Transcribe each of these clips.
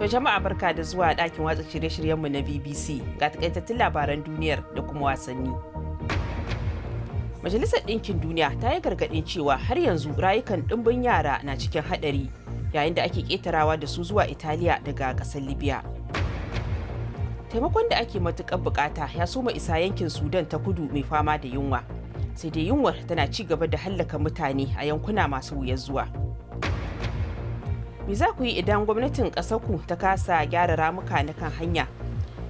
To jama'a barka da zuwa ɗakin watsa shirye-shiryenmu na BBC ga takaitattun labaran duniyar da kuma wasanni. Majalisar Ɗinkin Duniya ta yi gargaɗin cewa har yanzu rayukan ɗimbin yara na cikin haɗari yayin da ake ƙetarawa da su zuwa Italiya daga ƙasar Libya. Taimakon da ake matuƙar buƙata ya soma isa yankin Sudan ta kudu mai fama da yunwa. Sai dai yunwar tana ci gaba da hallaka mutane a yankuna masu wuyar zuwa. me za ku yi idan gwamnatin ƙasarku ta kasa gyara ramuka na kan hanya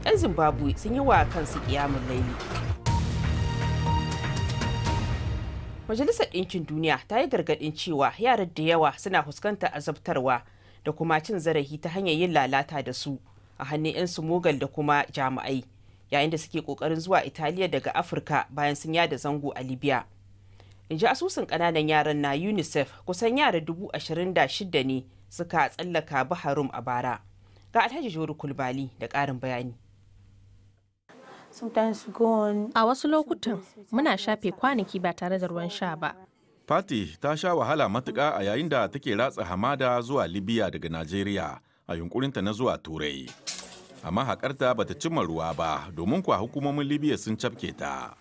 'yan zimbabwe sun yi wa kansu kiyamun laili majalisar ɗinkin duniya ta yi gargaɗin cewa yaran da yawa suna fuskantar azabtarwa da kuma cin zarafi ta hanyar yin lalata da su a hannun 'yan smogal da kuma jami'ai yayin da suke ƙoƙarin zuwa italiya daga afirka bayan sun yada zango a libya in ji asusun ƙananan yaran na unicef kusan yara dubu ashirin da shida ne suka tsallaka baharum a bara ga alhaji joru kulbali da ƙarin bayani a wasu lokutan muna shafe kwanaki ba tare da ruwan sha ba Fati ta sha wahala matuka a yayin da take ratsa hamada zuwa Libya daga Najeriya a yunkurinta na zuwa Turai. Amma haƙarta bata cimma ruwa ba domin kuwa hukumomin Libya sun cafke ta.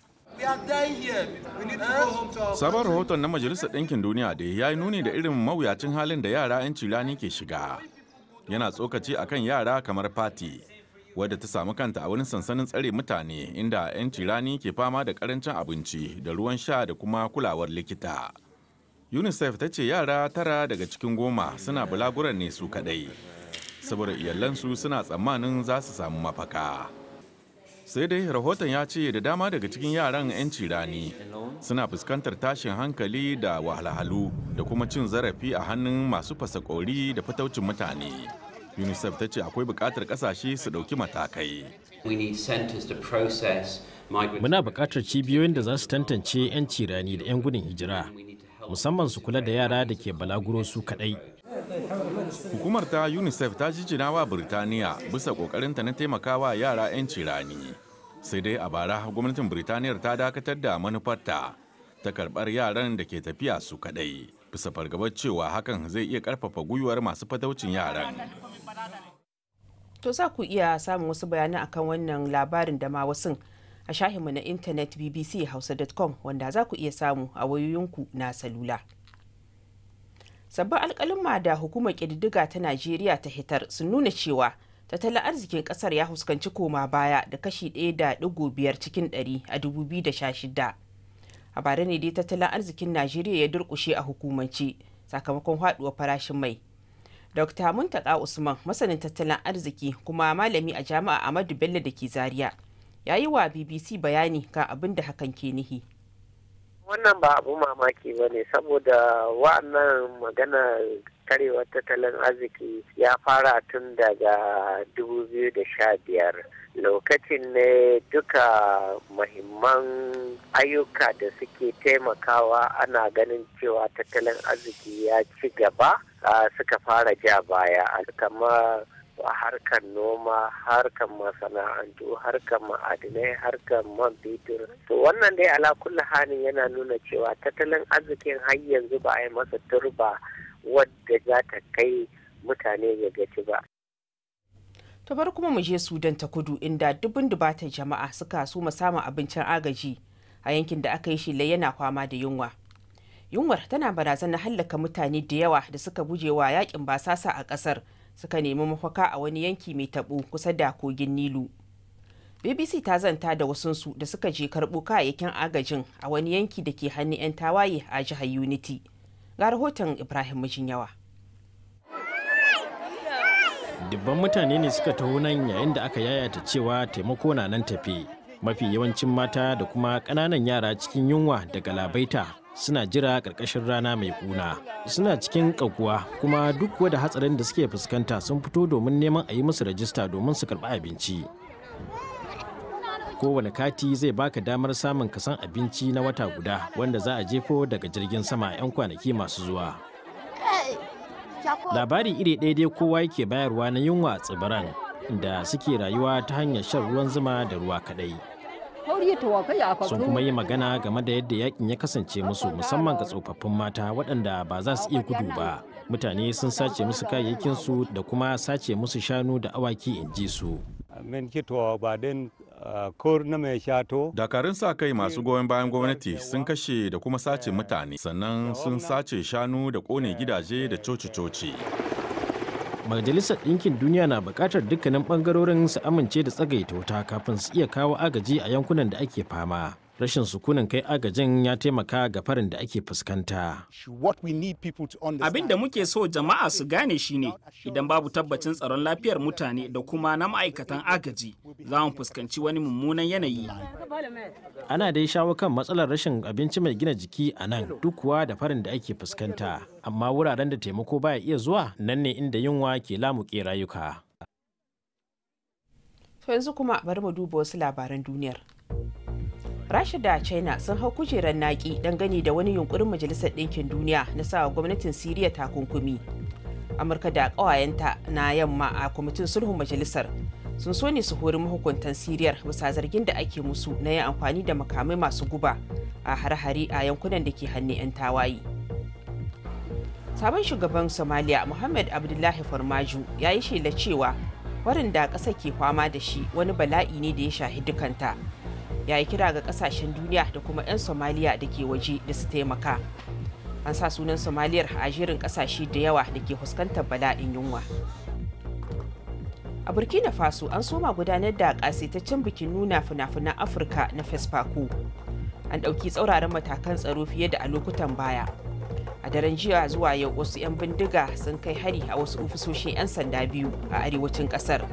Sabon rahoton na Majalisar Ɗinkin Duniya da ya yi nuni da irin mawuyacin halin da yara 'yan cirani ke shiga. Yana tsokaci a kan yara kamar fati, wadda ta samu kanta a wani sansanin tsare mutane inda 'yan cirani ke fama da karancin abinci da ruwan sha da kuma kulawar likita. UNICEF ta ce yara tara daga cikin goma suna bulaguran ne su kaɗai, saboda iyalansu suna tsammanin za su samu mafaka. sai dai rahoton ya ce da dama daga cikin yaran 'yanci rani suna fuskantar tashin hankali da wahalhalu da kuma cin zarafi a hannun masu fasa kori da fataucin mutane unicef ta ce akwai bukatar kasashe su dauki matakai muna bukatar cibiyoyin da za su tantance 'yanci rani da 'yan gudun hijira musamman su kula da yara da ke balaguro su kaɗai Hukumar ta UNICEF ta jijina wa Birtaniya bisa kokarinta na taimakawa yara 'yanci rani. Sai dai a bara gwamnatin Birtaniyar ta dakatar da manufarta ta karbar yaran da ke tafiya su kadai Bisa fargabar cewa hakan zai iya karfafa gwiwar masu fataucin yaran. To za ku iya samun wasu bayanan akan wannan labarin da ma wasu a shahinmu na intanet bbc hausa.com wanda za ku iya samu a wayoyinku na salula. sabbin alkalin da hukumar ƙididdiga ta najeriya ta hitar sun nuna cewa tattalin arzikin kasar ya fuskanci koma baya da kashi 1.5 cikin 100 a 2016 a bara ne dai tattalin arzikin najeriya ya durkushe a hukumance sakamakon haduwar farashin mai dr muntaka usman masanin tattalin arziki kuma malami a jami'a amadu bello da ke zaria ya yi wa bbc bayani kan abin da hakan ke nihi wannan ba abu mamaki ba ne saboda wa'annan magana karewar tattalin arziki ya fara tun daga 2015 lokacin ne duka mahimman ayyuka da suke taimakawa ana ganin cewa tattalin arziki ya ci gaba suka fara ja baya kamar a harkar noma harkar masana'antu harkar ma'adinai harkar man fetur to wannan dai ala kulli halin yana nuna cewa tattalin arzikin har yanzu ba a yi masa turba wadda za ta kai mutane ya gaci ba to bar kuma mu je sudan ta kudu inda dubun dubatan jama'a suka so samun abincin agaji a yankin da aka yi shi yana kwama da yunwa yunwar tana barazana hallaka mutane da yawa da suka gujewa yakin basasa a kasar suka nemi mafaka a wani yanki mai taɓo kusa da kogin nilu bbc ta zanta da wasunsu da suka je karɓo kayayyakin agajin a wani yanki da ke hannun 'yan tawaye a jihar unity ga rahoton ibrahim mijinyawa dubban mutane ne suka taho nan yayin da aka yayata cewa taimako na nan tafi mafi yawancin mata da kuma ƙananan yara cikin yunwa daga labaita. suna jira ƙarƙashin rana mai ƙuna suna cikin ƙaguwa kuma duk wada hatsarin da suke fuskanta sun fito domin neman a yi musu rajista domin su karɓi abinci kowane kati zai baka damar samun kasan abinci na wata guda wanda za a jefo daga jirgin sama 'yan kwanaki masu zuwa labari iri ɗaya dai kowa yake bayarwa na yunwa tsibiran da suke rayuwa ta hanyar shan ruwan zuma da ruwa kaɗai sun kuma yi magana game da yadda yakin ya kasance musu musamman ga tsofaffin mata waɗanda ba za su iya gudu ba mutane sun sace musu kayayyakinsu da kuma sace musu shanu da awaki in ji su uh, dakarun sa kai masu goyon bayan gwamnati sun kashe da kuma sace mutane sannan sun sace shanu da kone gidaje da coci-coci. majalisar ɗinkin duniya na buƙatar dukkanin ɓangarorin su amince da tsagaita wuta kafin su iya kawo agaji a yankunan da ake fama rashin sukunin kai agajin ya taimaka ga farin da ake fuskanta. Abin da muke so jama'a su gane shine idan babu tabbacin tsaron lafiyar mutane da kuma na ma'aikatan agaji za mu fuskanci wani mummunan yanayi. Ana dai shawo kan matsalar rashin abinci mai gina jiki a nan duk kuwa da farin da ake fuskanta, amma wuraren da taimako baya iya zuwa nan ne inda yunwa ke lamuke rayuka. To yanzu kuma bari mu duba wasu labaran duniyar. rasha da china sun hau kujerar naki dangane da wani yunkurin majalisar ɗinkin duniya na sawa gwamnatin siriya takunkumi amurka da ƙawayenta na yamma a kwamitin sulhun majalisar sun so ne su hori mahukuntan siriyar bisa zargin da ake musu na yin amfani da makamai masu guba a hare-hare a yankunan da ke hannun 'yan tawaye sabon shugaban somalia muhammad abdullahi farmaju ya yi shela cewa warin da ƙasa ke fama da shi wani bala'i ne da ya shahi dukanta ya yi kira ga kasashen duniya da kuma 'yan somaliya da ke waje da su taimaka an sa sunan somaliyar a jerin kasashe da yawa da ke fuskantar bala'in yunwa a burkina faso an soma gudanar da kasaitaccen bikin nuna fina-finan afirka na fesfako an ɗauki tsauraran matakan tsaro fiye da a lokutan baya a daren jiya zuwa yau wasu 'yan bindiga sun kai hari a wasu ofisoshin 'yan sanda biyu a arewacin ƙasar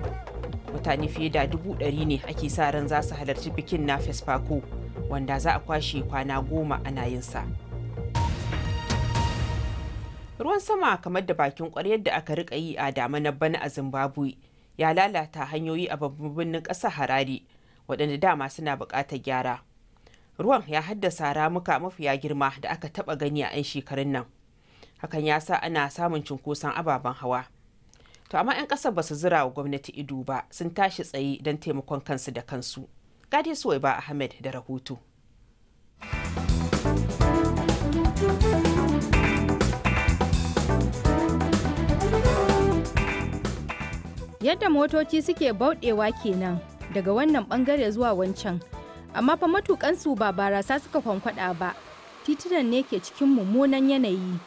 mutane fiye da dubu ɗari ne ake sa ran za su halarci bikin na fesfako wanda za a kwashe kwana goma ana yinsa ruwan sama kamar da bakin ƙwaryar da aka rika yi a na bana a zimbabwe ya lalata hanyoyi a babban birnin ƙasar harare waɗanda dama suna buƙatar gyara ruwan ya haddasa ramuka mafiya girma da aka taɓa gani a 'yan shekarun nan hakan ya sa ana samun cunkoson ababen hawa to amma 'yan kasar ba su zira wa gwamnati ido ba sun tashi tsaye don taimakon kansu da kansu gadi suwai ba ahmed da rahoto yadda motoci suke bauɗewa kenan daga wannan bangare zuwa wancan amma fa matukansu ba barasa suka kwankwada ba titunan ne ke cikin mummunan yanayi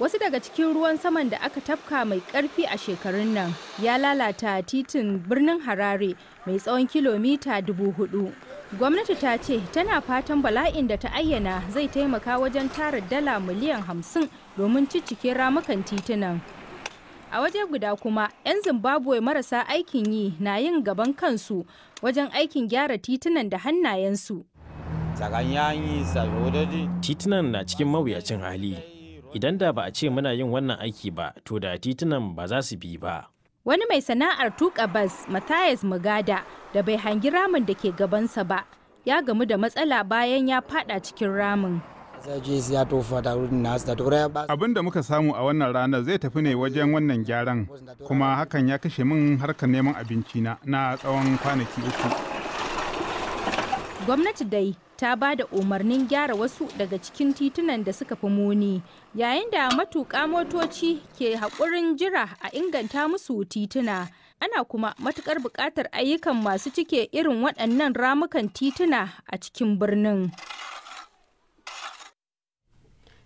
wasu daga cikin ruwan saman da aka tafka mai karfi a shekarun nan ya lalata titin birnin harare mai tsawon kilomita dubu hudu gwamnati ta ce tana fatan bala'in da ta ayyana zai taimaka wajen tara dala miliyan hamsin domin ciccike ramukan titunan a waje guda kuma 'yan zimbabwe marasa aikin yi na yin gaban kansu wajen aikin gyara titunan da hannayensu titunan na cikin mawuyacin hali idan da ba a ce muna yin wannan aiki ba to da titunan ba za su bi ba wani mai sana'ar tuka bas matthias mugada da bai hangi ramin da ke gabansa ba ya gamu da matsala bayan ya fada cikin ramin abin da muka samu a wannan ranar zai tafi ne wajen wannan gyaran kuma hakan ya kashe min harkar neman abinci na tsawon kwanaki uku Gwamnati dai ta ba da umarnin gyara wasu daga cikin titunan da suka fi muni yayin da matuƙa motoci ke haƙurin jira a inganta musu tituna ana kuma matukar buƙatar ayyukan masu cike irin waɗannan ramukan tituna a cikin birnin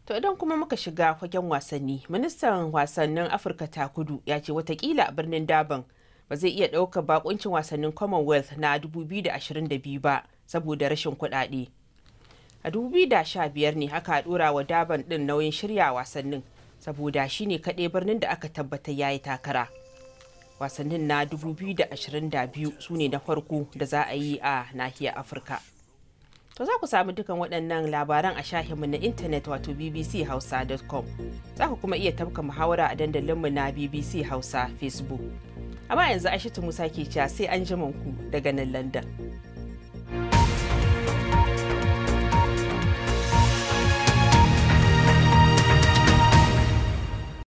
to idan kuma muka shiga fagen wasanni ministan wasannin afirka ta kudu ya ce watakila birnin daban ba zai iya ɗaukar bakuncin wasannin commonwealth na 2022 ba saboda rashin kuɗaɗe a 2015 ne aka ɗora wa daban ɗin nauyin shirya wasannin saboda shi ne kaɗai birnin da aka tabbatar ya yi takara wasannin na 2022 su ne na farko da za a yi a nahiyar afirka To za ku samu dukan waɗannan labaran a shahinmu na intanet wato bbchausa.com. Za ku kuma iya tafka muhawara a dandalinmu na BBC Hausa Facebook. amma yanzu aishatu musa ke cewa sai an ku daga nan landan.